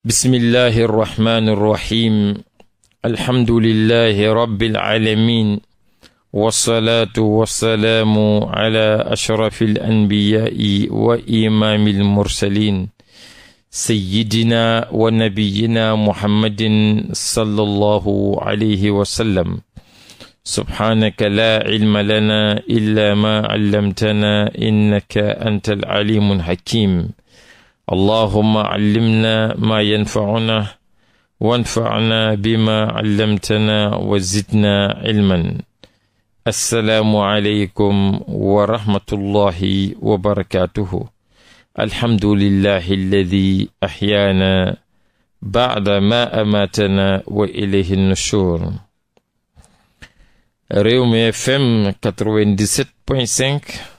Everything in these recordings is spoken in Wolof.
bismillahi irrahmani irrahim alhamdulillahi rabbil alamin wassalaatu wassalaamu ala ashrafi alanbiyaai wa imaami almursalin sayidina wa nabiyina muhammadin sallallahu alayhi wasallam subhaanaka laa cilma lana illa ma callamtana innaka anta alcalimu alxakim allahuma callimna maa yanfacuna wanfacna bima callamtana wa zidna cilman assalaamu aleykum wa rahmatullahi wa barakaatuhu alhamdulillahi alladi axyaana bacda ma amaatana wa ilayhi nushur Rewmi FM 97.5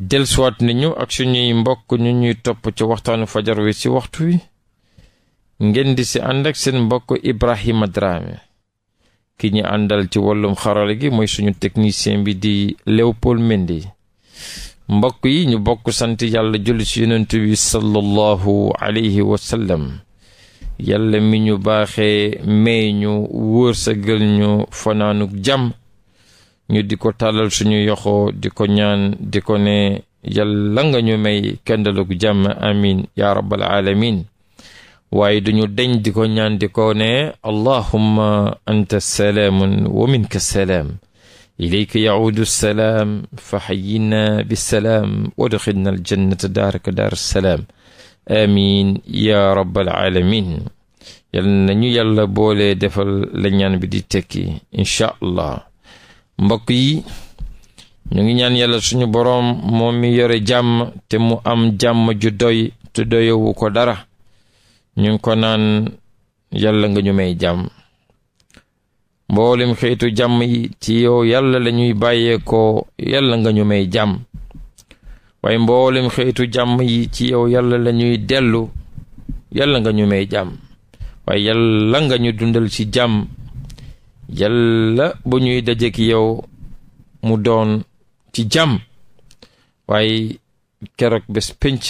delsuwaat nañu ak suñuy mbokk ñu ñuy topp ci waxtaanu fajar wi ci waxtu wi ngeen di si ànd ak seen mbokk Ibrahima Dramé ki ñu àndal ci wàllum xarala gi mooy suñu technicien bi di Léopold Mendy mbokk yi ñu bokk sant yàlla julli ci yonent bi sallallahu alayhi wa yàlla mi ñu baaxe may ñu wërsëgal ñu fanaanug jàmm ñu di ko tàllal suñu yoxo di ko ñaan di ko ne yàlla nga ñu may kendalug jàmm amin ya rabbal alamin waaye duñu deñ di ko ñaan di ko ne allahumma anta salaamun wa minka salaam ilayka yaudu salaam fa xayina bisalaam wadxilna aljannata daaraka daar salaam amin ya rabbal alamin yal nañu yàlla boole defal la ñaan bi di tekki incha allah mbokk yi ñu ngi ñaan yàlla suñu borom moom mi yore jàmm te mu am jàmm ju doy te doyowu ko dara ñu ngi ko naan yàlla nga ñu may jàmm mboolem xeetu jàmm yi ci yow yàlla la ñuy bàyyeekoo yàlla nga ñu may jàmm way mboolem xeetu jàmm yi ci yow yàlla la ñuy dellu yàlla nga ñu may jàmm waaye yàlla nga ñu dundal ci jàmm yàlla bu ñuy dajeek yow mu doon ci jàmm waaye keroog bés pénc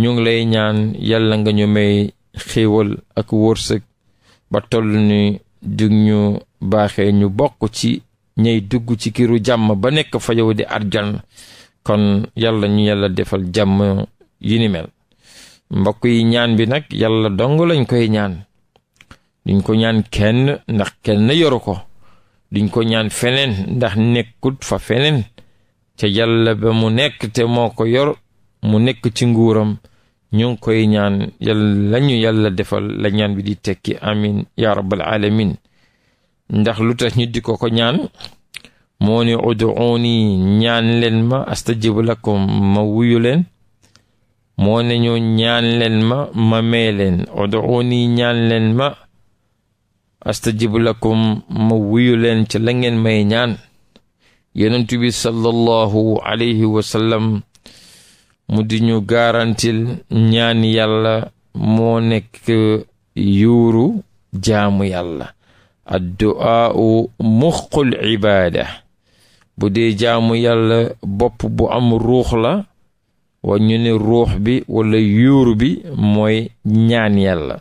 ñu ngi lay ñaan yàlla nga ñu may xiiwal ak wërsëg ba toll ni dug ñu baaxee ñu bokk ci ñay dugg ci kiiru jàmm ba nekk fa yow di arjan kon yàlla ñu yàlla defal jàmm yu ni mel mbokk yi ñaan bi nag yàlla dong lañ koy ñaan duñ ko ñaan kenn ndax kenn yoru ko duñ ko ñaan feneen ndax nekkut fa feneen ca yàlla ba mu nekk te moo ko yor mu nekk ci nguuram ñu ngi koy ñaan yàlla ñu yàlla defal la ñaan bi di tekki amin ya rabbal alamin ndax lu tax ñu di ko ko ñaan moo ne uduuni ñaan leen ma astajib lakum ma wuyu leen moo ne ñu ñaan leen ma ma mee leen uduuni ñaan leen ma astajibu lakum ma wuyu leen ci la ngeen may ñaan yonent bi sallallahu alayhi wa mu di ñu garantil ñaan yàlla moo nekk yuuru jaamu yàlla addu'a u muxqul ibaada bu dee jaamu yàlla bopp bu am ruux la wa ñu ruux bi walla yuuru bi mooy ñaan yàlla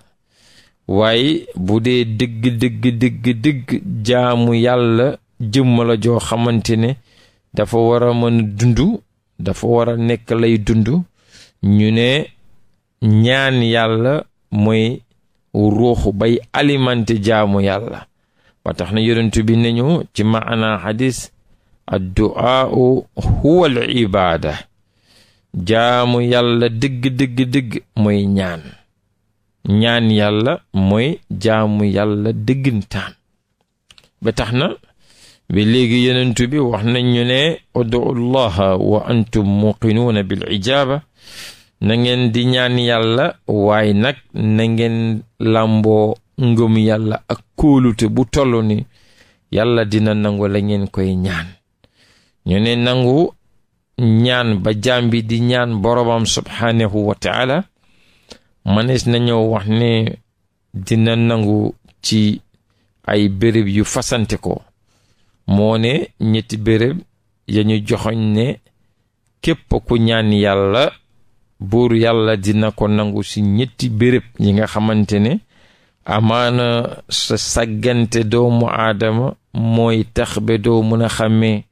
waaye bu dee dëgg dëgg dëgg dëgg jaamu yàlla jëmma la joo xamante ne dafa war a mën dund dafa war a nekk lay dund ñu ne ñaan yàlla mooy ruuxu bay alimenté jaamu yàlla ba tax na yonentu bi nañu ci maana xadis addu'aau huwa al ibaada jaamu yàlla dëgg dëgg dëgg mooy ñaan ñaan yàlla mooy jaamu yàlla dëggantaan ba tax na ba léegi yenentu bi wax nañ ñu ne ud'u llaha wa antum muqinuuna bil ijaaba na ngeen di ñaan yàlla waaye nag na ngeen làmboo ngëm yàlla ak kóolute bu toll ni yàlla dina nangu la ngeen koy ñaan ñu ne nangu ñaan ba jaam di ñaan boromam subhaanahu wa manees nañoo wax ne dina nangu ci ay béréb yu fasante ko moo ne ñetti béréb ya joxoñ ne képp ku ñaan yàlla buur yàlla dina ko nangu ci ñetti béréb yi nga xamante ne amaana sa sàggante doomu aadama mooy tax ba doo mën a xàmmee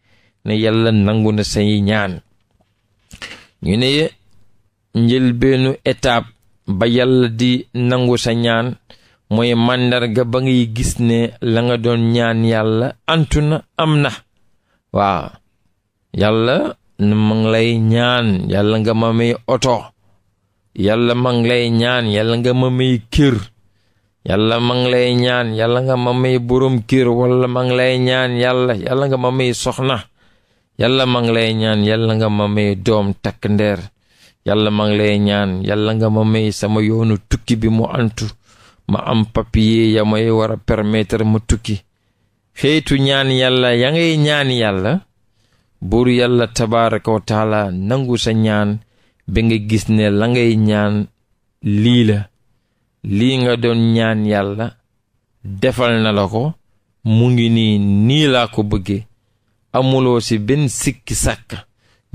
ne yàlla nangu na say ñaan ñu ne njëlbeenu étape ba yàlla di nangu sa ñaan mooy màndarga ba ngi gis ne la nga doon ñaan yàlla antu na am na waaw yàlla ma ngi lay ñaan yàlla nga ma may oto yàlla ma ngi lay ñaan yàlla nga ma may kër yàlla ma ngi lay ñaan yàlla nga ma may borom kër wala ma ngi lay ñaan yàlla yàlla nga ma may soxna yàlla ma ngi lay ñaan yàlla nga ma may doom takk ndeer yàlla ma ngi lay ñaan yàlla nga ma may sama yoonu tukki bi mu antu ma am papier ya war a permettre ma tukki xeetu ñaan yàlla ya ngay ñaan yàlla buur yàlla tabaaraka wa taala nangu sa ñaan ba nga gis ne la ngay ñaan lii la lii nga doon ñaan yàlla defal na la ko mu ngi nii nii laa ko bëgge amuloo ci benn sikki sàkk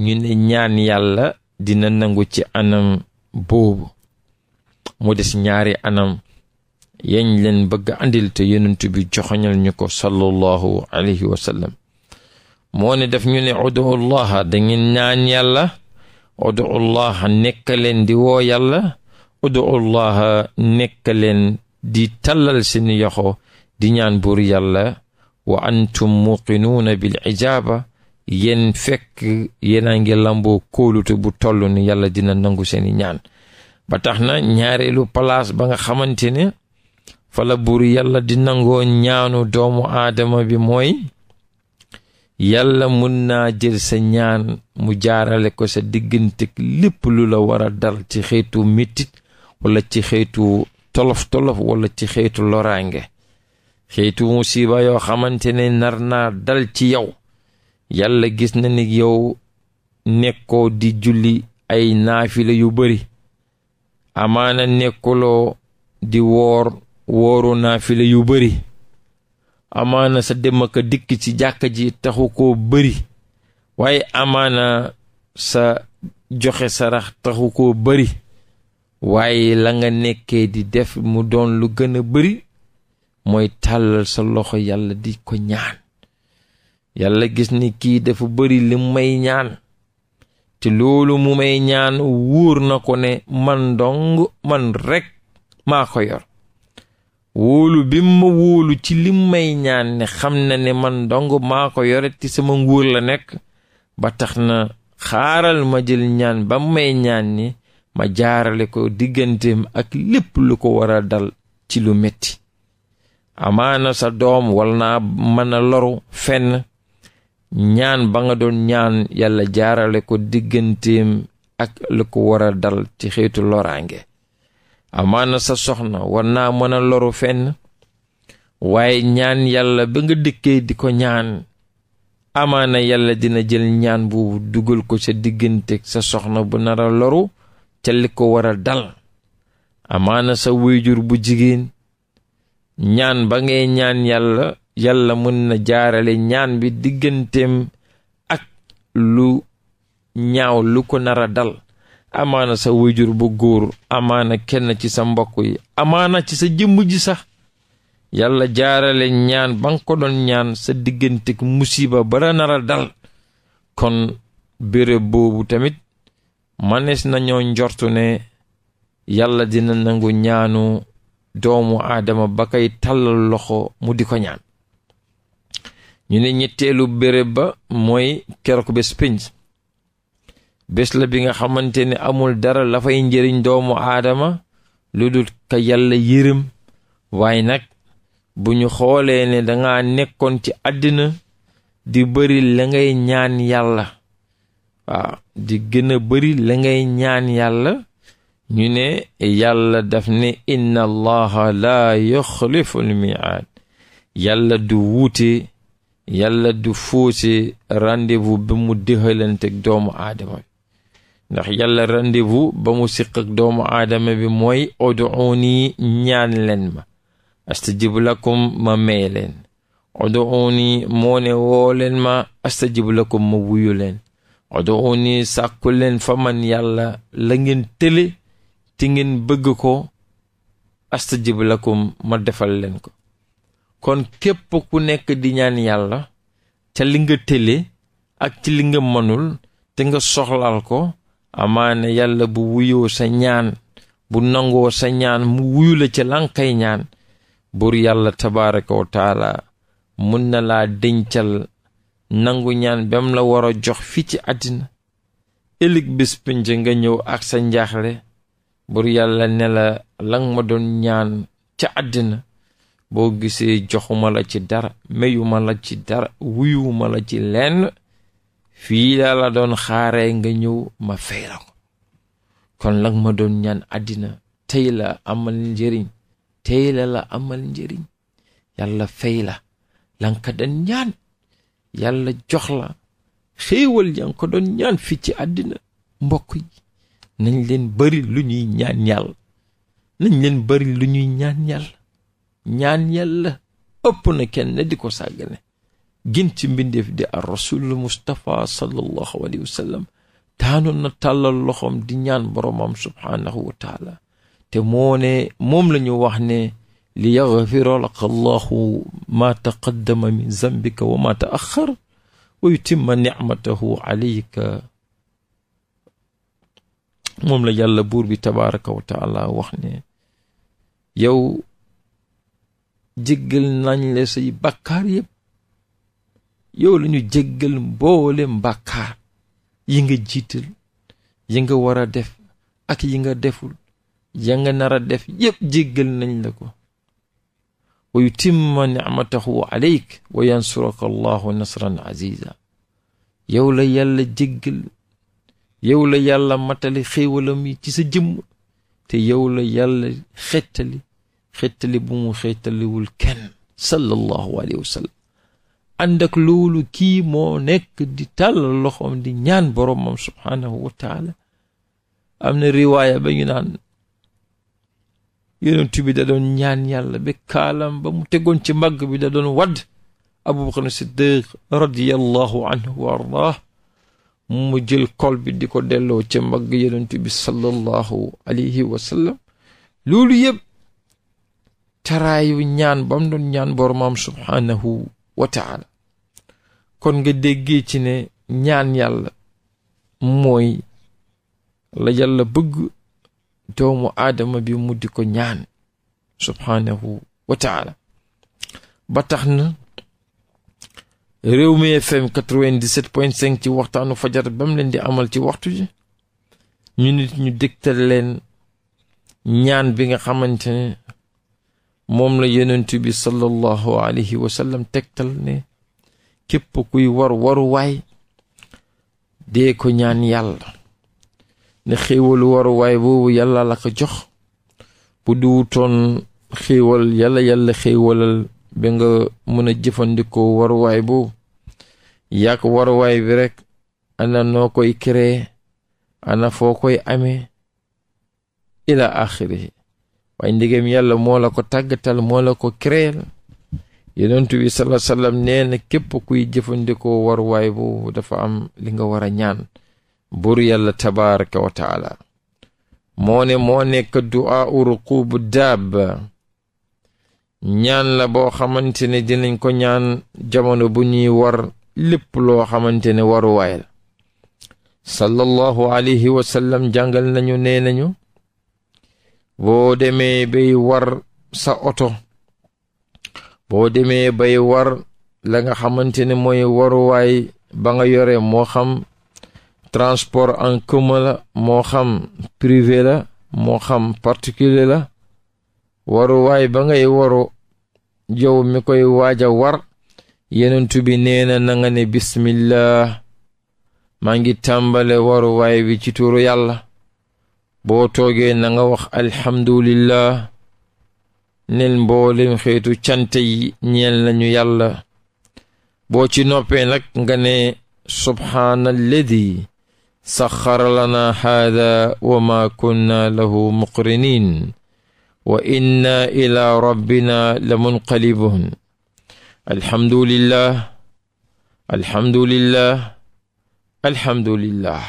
ñu ne ñaan yàlla dina nangu ci anam boobu mu des ñaari anam yeñ leen bëgg andil te yonent bi joxoñal ñu ko sallallahu alayhi wa sallam moo ne daf ñu ne udu llaha dangeen ñaan yàlla udu llaha nekk leen di woo yàlla udu llaha nekk leen di tallal seeni yoxo di ñaan buur yàlla wa antum muqinuuna bil ijaaba yéen fekk yéena ngi lamboo bu toll ni yàlla dina nangu seeni ñaan ba tax na ñaareelu palaas ba nga xamante ne fala buur yàlla di nangoo ñaanu doomu aadama bi mooy yàlla mën naa jël sa ñaan mu jaarale ko sa diggante lépp lu la war a dal ci xeetu mettit walla ci xeetu tolof-tolof walla ci xeetu loraange xeetu musiba yoo xamante ne nar naa dal ci yow yàlla gis na ni yow nekkoo di julli ay naafila yu bari amaana nekkuloo di woor wooru naafila yu bari amaana sa dem ak dikk ci jàkka ji taxu koo bari waaye amaana sa joxe sarax taxu ko bari waaye la nga nekkee di def mu doon lu gëna a bari mooy tàllal sa loxo yàlla di ko ñaan yàlla gis ni kii dafa bari li may ñaan te loolu mu may ñaan wóor na ko ne man dong man rekk maa ko yor wóolu bi ma wóolu ci li may ñaan ni xam na ne man dong maa ko yore te sama nguur la nekk ba tax na xaaral ma jël ñaan ba may ñaan ni ma jaarale ko digganteem ak lépp lu ko war a dal ci lu metti amaana sa doom wal naa mën a loru fenn ñaan ba nga doon ñaan yàlla jaarale ko digganteem ak lu ko war a dal ci xeetu loraange amaana sa soxna war naa mën a loru fenn waaye ñaan yàlla ba nga dëkkee di ko ñaan amaana yàlla dina jël ñaan boobu dugal ko sa diggante sa soxna bu nar a loru ca li ko war a dal amaana sa wéyjur bu jigéen ñaan ba ngay ñaan yàlla yàlla mën na jaarale ñaan bi digganteem ak lu ñaaw lu ko nara dal amaana sa wayjur bu góor amaana kenn ci sa mbokk yi amaana ci sa jëmb ji sax yàlla jaarale ñaan ba nga ko doon ñaan sa diggante musiba bara nara dal kon béréb boobu tamit manees nañoo njortu ne yàlla dina nangu ñaanu doomu aadama ba kay tàllal loxo mu di ko ñaan ñu ne ñetteelu béréb ba mooy keroog bés pénc bi nga xamante ne amul dara la fay njëriñ doomu aadama lu dul ka yàlla yërëm waaye nag bu ñu xoolee ne danga nekkoon ci àddina di bëri la ñaan yàlla waaw di gën bari bëri la ngay ñaan yàlla ñu ne yàlla daf ne inna allaha laa yuxlifu yàlla du wuute yàlla du faussé rendez-vous mu dëxalanteeg doomu aadama bi ndax yàlla rendez-vous ba mu siq ak doomu aadama bi mooy oduuni ñaan leen ma astajib lakum ma may leen oduuni moo ne woo leen ma astajib lakum ma wuyu leen oduuni sàkku leen fa man yàlla la ngeen tële te ngeen bëgg ko astajib lakum ma defal leen ko kon képp ku nekk di ñaan yàlla ca li nga tële ak ci li nga mënul te nga soxlaal ko amaane yàlla bu wuyoo ñaan bu nangoo sa ñaan mu wuyu la ca lankay ñaan buur yàlla tabaraka wa taala mun na laa dencal nangu ñaan bem la war a jox fi ci àddina ëllëg bés nga ñëw ak sa njaaxle buur yàlla ne la lang ma doon ñaan ca àddina boo gisee joxuma la ci dara meyuma la ci dara wuyuma la ci lenn fii laa la doon xaaree nga ñëw ma fay la ko kon lag ma doon ñaan àddina tey la amal njëriñ tey la la amal njëriñ yàlla fay la lan doon ñaan yàlla jox la xéewal yan ko doon ñaan fi ci àddina mbokk yi nañ leen bari lu ñuy ñaan yàlla nañ leen bari lu ñuy ñaan yàlla ñaan yàlla ëpp na kenn di ko sàggane gën ci mbindeef di ar rasulul mustapha sallallahu alayhi wa sallam taanoon na tàllal loxoom di ñaan boroomam subhaanahu wa te moo moom lañu ñu wax ne li yaxfira laka allahu maa taqaddama min zambika wa maa taaxar wa la yàlla buur bi wax yow jéggal nañ la say bàkkaar yépp yow la ñu jéggal mboolem bàkkaar yi nga jiital yi nga war a def ak yi nga deful ya nga nar a def yépp jéggal nañ la ko wa yutimma nicmatahu aleyk wa yansuraka allahu nasran aziza yow la yàlla jéggal yow la yàlla matali xéewalam yi ci sa jëmm te yow la yàlla xettali xettali bu mu xettaliwul kenn sallallahu alayhi wa sallam ànd ak loolu kii moo nekk di tàllal loxoom di ñaan boroomam subhaanahu wa taala am na riwaaya ba ñu naan yonent bi da doon ñaan yàlla ba kaalam ba mu tegoon ci mbagg bi da doon wadd abubakar siddiq radiallahu anhu wa ardah mu jël kol bi di ko delloo ci mbagg yonent bi sallallahu alayhi wa sallam loolu yëpp taraayu ñaan bam doon ñaan boromam subhaanahu wa kon nga déggee ci ne ñaan yàlla mooy la yàlla bëgg doomu aadama bi mu di ko ñaan subhaanahu wa ba tax na réew mi fm 97.5 ci waxtaanu fajar bam leen di amal ci waxtu ji ñu nit ñu dégtal leen ñaan bi nga xamante moom la yonent bi sallallahu alayhi wa tegtal ne képp kuy war waruwaay dee ko ñaan yàlla ne xéewalu waruwaay boobu yàlla la ko jox bu duwutoon xéewal yàlla yàlla xéewalal bi nga mën a jëfandikoo waruwaay boobu yàq waruwaay bi rekk ana noo koy créer ana foo koy ame ila axirihi waaye ndegem yàlla moo la ko tàggatal moo la ko créel yonent bi sala sallam nee na képp kuy jëfandikoo waruwaay boobu dafa am li nga war a ñaan buur yàlla tabaraka wa taala moo ne moo nekk du'a uruqubu daab ñaan la boo xamante ne dinañ ko ñaan jamono bu ñuy war lépp loo xamante ne waruwaay sallallahu alayhi wa sallam nañu nee nañu boo demee bay war sa oto boo demee bay war la nga xamante ne mooy waruwaay ba nga yore moo xam transport en commun la moo xam privé la moo xam particulier la waruwaay ba ngay waru jow mi koy waaj a war yenentu bi nee na na ne bismillah maa ngi tàmbale waruwaay wi ci turu yàlla boo toogee na nga wax alhamdulillah nel mboolem xeetu cante yi ñeel nañu yàlla boo ci noppee nag nga ne subhaanalladi saxara lana haada wa ma kunna lahu muqrinin wa inna ila rabbina la munqalibun alhamdulillah alhamdulillah alhamdulillah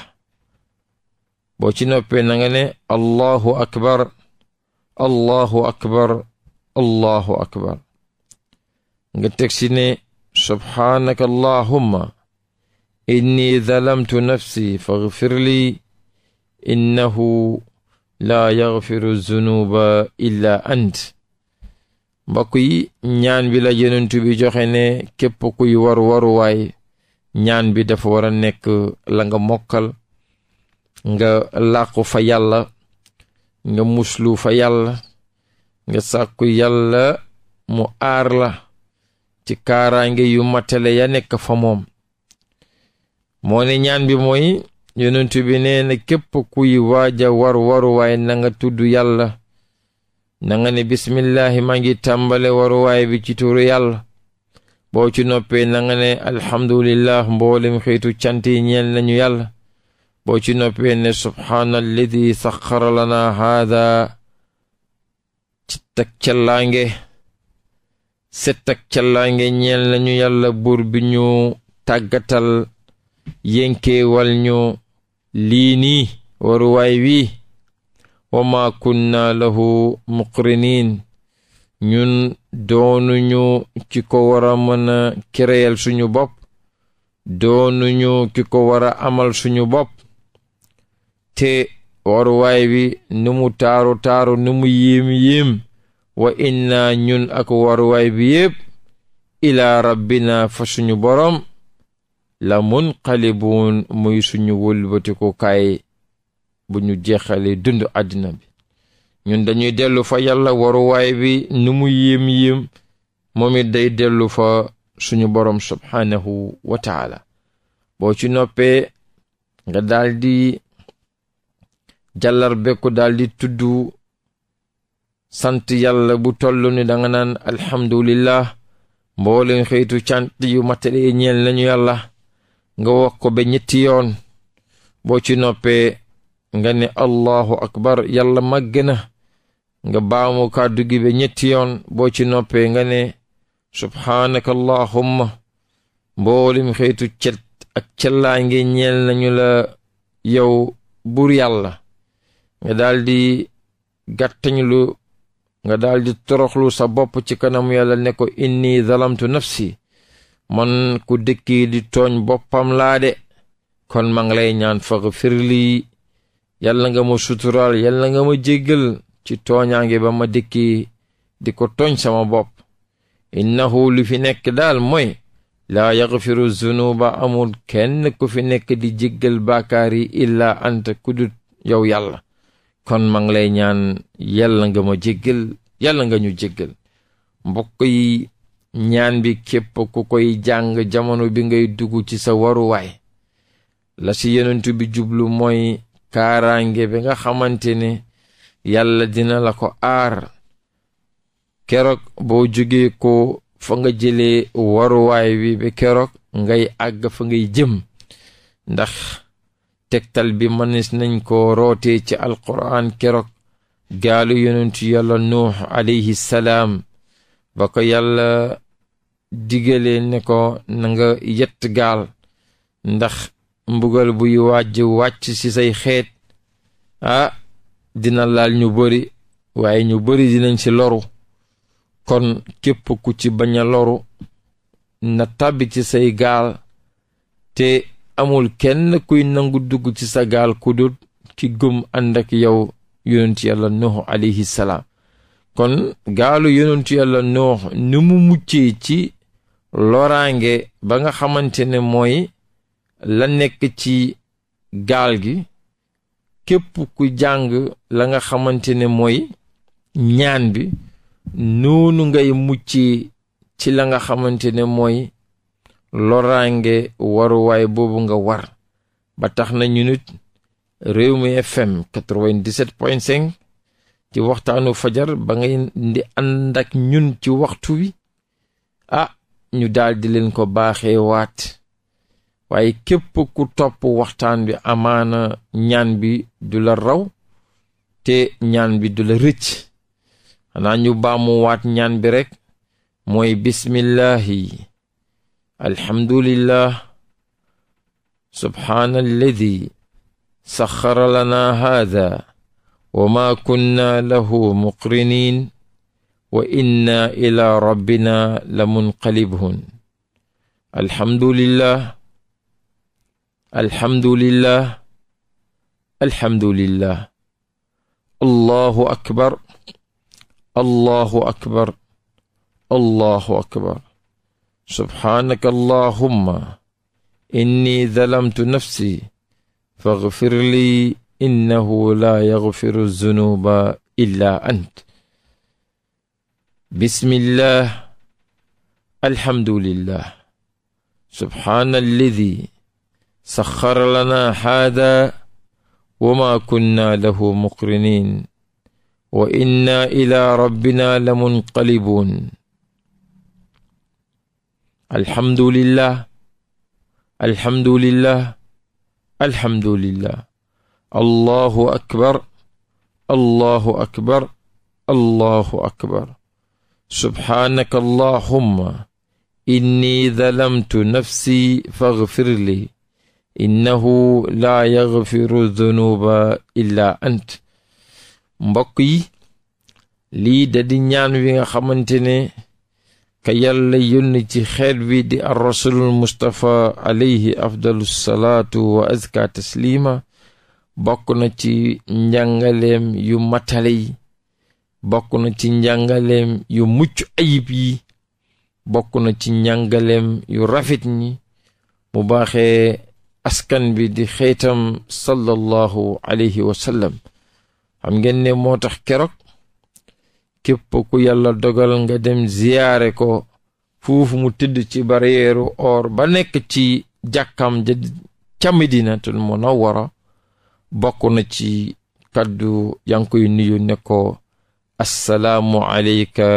boo ci noppee na nga ne allahu akbar allahu akbar allahu akbar nga teg si ne subhaanaka allahumma inni zalamtu nafsi faghfir li innahu laa yaghfiru zunuba illa ant mbokk yi ñaan bi la yonent bi joxe ne képp kuy war waruwaay ñaan bi dafa war a nekk la nga mokkal nga làqu fa yàlla nga muslu fa yàlla nga sàkku yàlla mu aar la ci kaaraange yu matale ya nekk fa moom moo ne ñaan bi mooy yonent bi nee na képp kuy waaja war waruwaay na nanga tudd yàlla na nga ne bismillahi maa ngi tàmbale waruwaay bi ci turu yàlla boo ci noppee na nga ne alhamdulillah mboolem xeetu cant yi ñeel nañu yàlla boo ci noppee ne subhaana alladi haada ci tak callaange set ak callaange ñeel nañu yàlla buur bi ñu tàggatal yénkeewal ñu lii nii waruwaay wi wa maa kunna lahu muqrinin ñun ñu ki ko war a mën a suñu bopp doonuñu ki ko war a amal suñu bopp te waruwaay bi ni taaru taaru ni mu yéem yéem wa inna ñun ak waruwaay bi yépp ilaa rabbina fa suñu borom la mun xalibuun muy suñu wëlbatiku kaay bu ñu jeexalee dund àddina bi ñun dañuy dellu fa yàlla waruwaay bi ni mu yéem moom it day dellu fa suñu borom subhaanahu wa boo ci noppee nga daldi jallar bekku daal di sant yàlla bu tollu ni danga naan alhamdulillah mbooleen xëytu cant yu matale ñeel nañu yàlla nga wax ko ba ñetti yoon boo ci noppee nga ne allahu akbar yàlla màgg nga baamu kàddu gi ba ñetti yoon boo ci noppee nga ne subhaanaka allahumma mboolim xëytu cet ak cellaange ñeel nañu la yow buur yàlla nga daldi gàttañlu nga daldi toroxlu sa bopp ci kanamu yàlla ne ko inni zalamtu nafsi man ku dëkki di tooñ boppam laa de kon ma ngi lay ñaan faghfir li yàlla nga ma suturaal yàlla nga ma jéggal ci tooñaange ba ma dëkki di ko tooñ sama bopp innahu li fi nekk daal mooy laa yaghfiru zunuba amul kenn ku fi nekk di jéggal baakaar illa illaa anta kudut yow yàlla kon ma lay ñaan yàlla nga ma jéggal yàlla nga ñu jéggal mbokk yi ñaan bi képp ku koy jàng jamono bi ngay dugg ci sa waruwaay la si yonent bi jublu mooy kaaraange bi nga xamante ni yàlla dina la ko aar keroog boo jógee ko fa nga jëlee waruwaay bi ba keroog ngay àgg fa ngay jëm ndax tegtal bi mënees nañ ko rootee ci alquraan keroog gaalu yonentu yàlla nuux alayhi salaam ba ko yàlla digalee ne ko nanga nga yett gaal ndax mbugal buy wàjj wàcc ci say xeet ah dina laal ñu bari waaye ñu bari dinañ ci loru kon képp ku ci bañ a loru na tàbbi ci say gaal te amul kenn kuy nangu dugg ci sa gaal ku dul ki gëm ànd ak yow yonent yàlla noox alayhi kon gaalu yonentu yàlla noox ni mu muccee ci loraange ba nga xamante ne mooy la nekk ci gaal gi képp ku jàng la nga xamante ne mooy ñaan bi noonu ngay muccee ci la nga xamante ne mooy loraange waruwaay boobu nga war ba tax na ñu réew mi fm 97 point ci waxtaanu fajar ba ngay di ànd ak ñun ci waxtu wi a ah, ñu daldi leen ko baaxee waat waaye képp ku topp waxtaan wi amaana ñaan bi du la raw te ñaan bi du la rëcc xanaa ñu baamu waat ñaan bi rekk mooy bismillahi alhamdulillah subhaana alladi saxara lana haada wa ma kunna lahu muqrinin wa inna ila rabbina la munqalibun alhamdulillah alhamdulillah alhamdulillah allahu akbar allahu akbar allahu akbar subhaanaka allahumma inni zalamtu nafsi faghfir li innahu la yaghfiru zunuba illa ant bismillah alhamdulillah subhaana alladi saxara lana haada wa ma kunna lahu muqrinin wa inna ila rabbina lamunqalibun alhamdulillah alhamdulillah alhamdulillah allahu akbar allahu akbar allahu akbar subhaanaka allahumma inni zalamtu nafsi faghfir li innahu laa yaghfiru dhunuba illa ant mbokk yi lii da di ñaan wi nga xamante ne ka yàlla yónni ci xeet wi di ar mustafa mustapha alayhi afdalu salaatu wa azka taslima bokk na ci njàngaleem yu matale yi bokk na ci njàngaleem yu mucc ayib yi bokk na ci njàngaleem yu rafet ñi mu baaxe askan bi di xeetam sallallahu alayhi wa xam ngeen ne tax keroog képp ku yàlla dogal nga dem ziyaare ko foofu mu tëdd ci bareeru or ba nekk ci jàkkam ja ca Madinatul Munawwara bokk na ci kaddu yaa yu koy nuyu ne ko assalaamu aleyka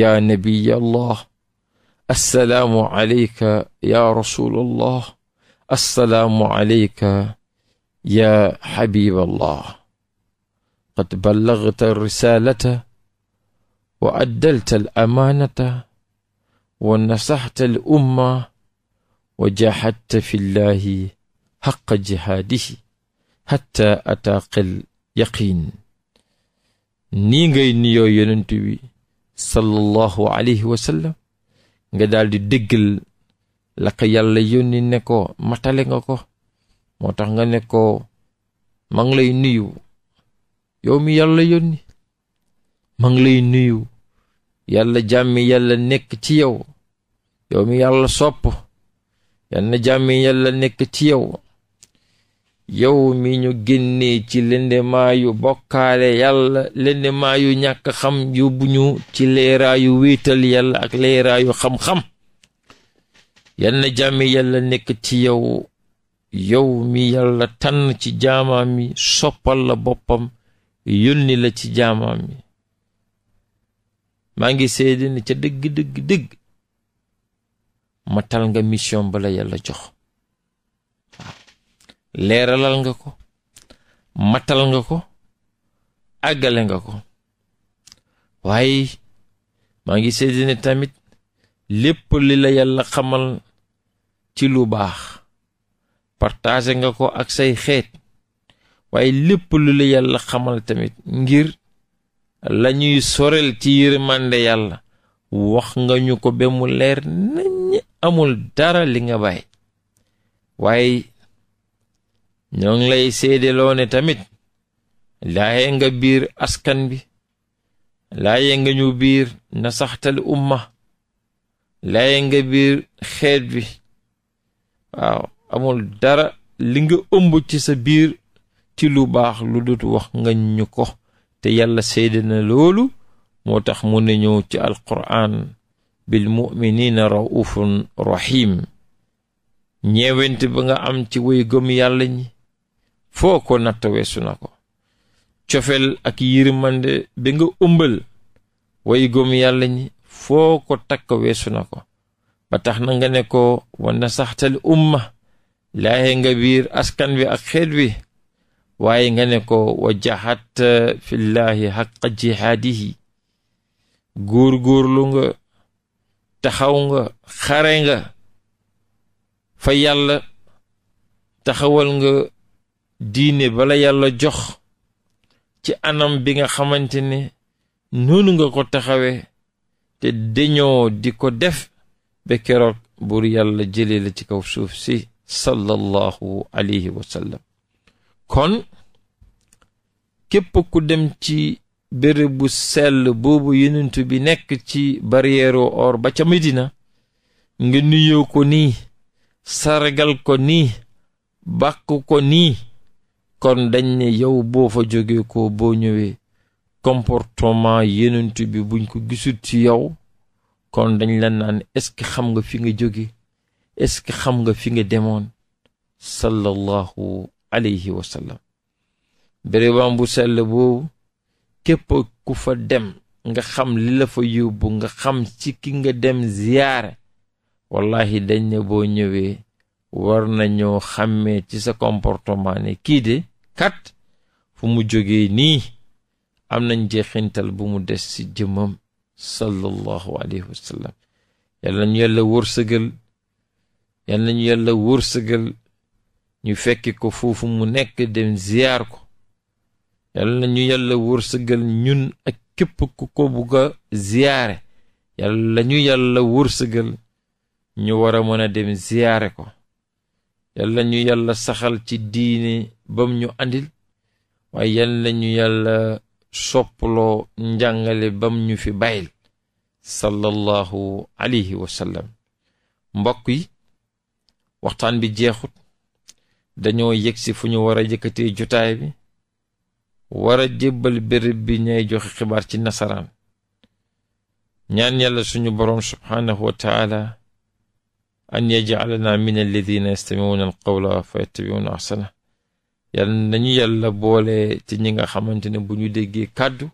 ya nabiyallah assalaamu aleyka ya rasulallah assalaamu aleyka ya habiballah qad ballagta risalata وأدلت الأمانة ونصحت الأمة وجاهدت في الله حق جهاده حتى أتاك اليقين nii ngay nuyoo yonent bi sallallahu alayhi wa nga daal di déggal la ko yàlla yónni ne ko matale nga ko moo tax nga ne ko maa ngi lay nuyu yow mi yàlla yónni maa ngi lay nuyu yàlla jàmmi yàlla nekk ci yow yow mi sopp yal jàmmi yàlla nekk ci yow yow mi ñu génne ci lëndemaayu bokkaale yàlla lëndemaayu ñàkk xam yóbbu ñu ci leeraayu wéetal yàlla ak leeraayu xam-xam yal na jàmmi yàlla nekk ci yow yow mi yàlla tànn ci jaamaam mi soppal la boppam yónni la ci jaamaam maa ngi seede ni ca dëgg dëgg dëgg matal nga mission ba la yàlla jox leeralal nga ko matal nga ko àggale nga ko waaye maa ngi seede ni tamit lépp li la yàlla xamal ci lu baax partagé nga ko ak say xeet waaye lépp lu la yàlla xamal tamit ngir lañuy sorel ci yërmande yàlla wax nga ñu ko ba leer nañ amul dara li nga bàyyi waaye ñoo ngi lay seedeloo ne tamit laaye nga biir askan bi laaye nga ñu biir nasaxtal umma laaye nga biir xeet bi waaw amul dara li nga ëmb ci sa biir ci lu baax lu dut wax nga ñu ko te yàlla seede na loolu moo tax mu ne ñëw ci alquran bil muminina raufun rahim ñeewente ba nga am ci way gëm yàlla ñi foo ko natt weesu na ko cofel ak yërmande bi nga ëmbal way gëm yàlla ñi foo ko takk weesu na ko ba tax na nga ne ko wa nasaxtal umma laaye nga wiir askan wi ak xeet wi waaye nga ne ko wajahat eh, fillahi xaqa jihaadihi góor-góorlu nga taxaw nga xare nga fa yàlla taxawal nga diine bala yàlla jox ci anam bi nga xamante ne noonu nga ko taxawe te dañoo di ko def ba keroog buur yàlla jëlee ci kaw suuf si sallallahu alayhi wa kon képp ku dem ci bërëb bu sell boobu yonent bi nekk ci barrière or ba ca Medina nga nuyoo ko nii sargal ko nii bàkk ko nii kon dañ ne yow boo fa jóge ko boo ñëwee comportement yonent bi buñ ko gisul ci yow kon dañ la naan est xam nga fi nga jóge est-ce que xam nga fi nga demoon sallallahu alayhi wa sallam bérébam bu sell boobu képp ku fa dem nga xam li la fa yóbbu nga xam ci ki nga dem ziyaare wallahi dañ ne boo ñëwee war nañoo xàmmee ci sa comportement ne kii de kat fu mu jógee nii am nañ jeexintal bu mu des ci jëmmam sallallahu alayhi wa sallam yal nañu yàlla wërsëgal yal nañu yàlla wërsëgal ñu fekki ko foofu mu nekk dem ziyaar ko yàlla ñu yàlla wërsëgal ñun ak képp ku ko bugg a ziyaare yàlla ñu yàlla wërsëgal ñu war a mën a dem ziyaare ko yàlla ñu yàlla saxal ci diine bam ñu andil waaye yàlla ñu yàlla soppaloo njàngale bam ñu fi bàyyil sallallahu alayhi wa mbokk yi waxtaan bi jeexut dañoo yëg si fu ñu war a yëkkatee jotaay bi war a jébbal béréb bi ñay joxe xibaar ci nasaraan ñaan yàlla suñu boroom subhaanahu wa taala an yajalana min alladina yastamiuna alqawla fa yattabiuna ahsana yàlla nañu yàlla boole ci ñi nga xamante ne bu ñu déggee kàddu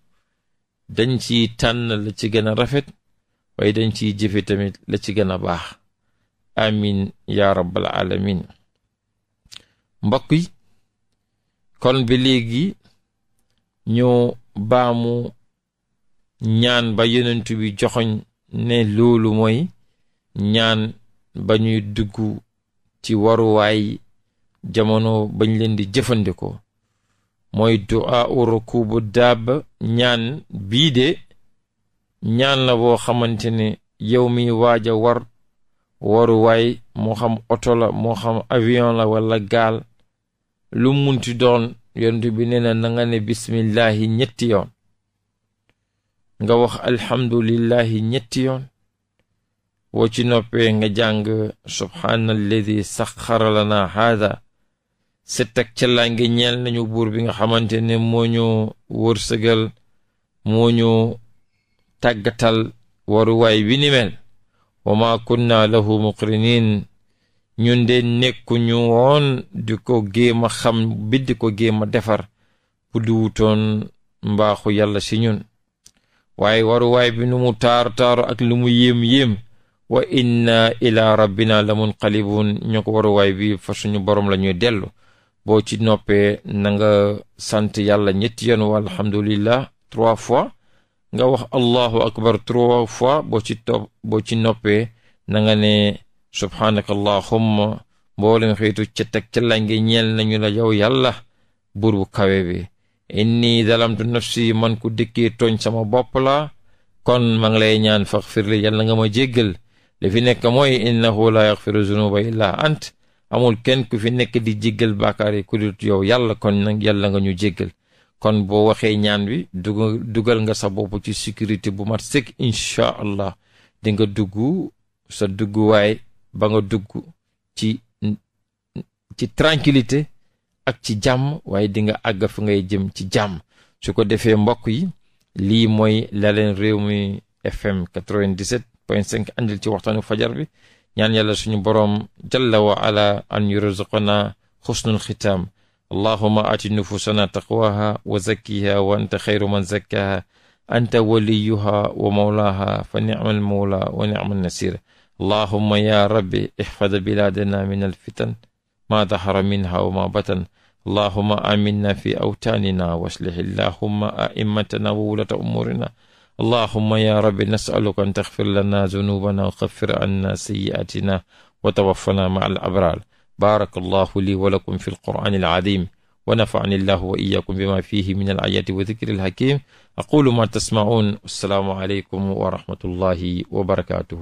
dañ ci tànnal la ci gën a rafet waaye dañ ciy jëfe tamit la ci gën a baax amin ya rabbal alamin mbokk yi kon bi léegi ñoo baamu ñaan ba yonent bi joxoñ ne loolu mooy ñaan ba ñuy dugg ci waruwaay jamono bañ leen di jëfandikoo mooy du'a bu daab ñaan bii de ñaan la boo xamante ne yow mi waaj a war waruwaay moo xam oto la moo xam avion la wala gaal lu doon yonent bi nee na na nga ne bismillahi ñetti wax alhamdulillahi ñetti yoon woo ci noppee nga jàng subhaanalladi saxara lana haada set ak ca ngi ñeel nañu buur bi nga xamante ne moo ñu wërsëgal moo ñu tàggatal waruwaay bi wa maa kunna lahu muqrinin ñun de nekkuñu woon di ko géem a xam bi di ko géem a defar bu di mbaaxu yàlla si ñun waaye waruwaay bi nu mu taar taaru ak lu mu yéem yéem wa inna ila rabbina la munqalibun ñoo ko waruwaay bi fa suñu borom la ñuy dellu boo ci noppee na nga sant yàlla ñetti yoon wa alhamdulillah trois fois nga wax allahu akbar trois fois boo ci topp boo ci noppee na nga ne subhaanaka allahumma mboolem xeetu ca teg ca lange ñeel nañu la yow yàlla buur bu kawe bi inni zalamtu nafsi man ko dikkee tooñ sama bopp la kon maa ngi lay ñaan faxfir li yàlla nga ma jéggal li fi nekk mooy innahu la yaxfiru zunuba illa ant amul kenn ku fi nekk di jéggal baakaar ku dul yow yàlla kon nag yàlla nga ñu jéggal kon boo waxee ñaan bi dugal nga sa bopp ci sécurité bu mat sëkk incha allah di nga dugg sa dugguwaay ba nga dugg ci ci tranquillité ak ci jàmm waaye dinga nga àgg ngay jëm ci jàmm su ko defee mbokk yi lii mooy la leen réew mi fm 97.5 andil ci waxtaanu fajar bi ñaan yàlla suñu boroom jalla wa ala an yurzuqana xusnul xitaam allahuma aati nufusana taqwaha wa zakkiha wa anta xayru man zakkaha anta waliyuha wa mawlaha fa nicma mawla wa nicma an allahuma ya rabbi ixfad bilaadana min alfitan ma dahara minha wa ma batan allahuma aminna fi awtaanina wa aslih allahuma aimmatana wa wulata umuurina allahuma ya rabbi nasaluka an taxfir lana zunubana wa xafir anna sayyi'atina wa tawaffana ma al abraar baaraka allahu li wa lakum fi alqur'ani alazim wa nafa'ani allahu wa iyyakum bima fihi min al-ayati wa dhikri al-hakim aqulu ma tasma'un assalaamu alaykum wa rahmatullahi wa barakatuhu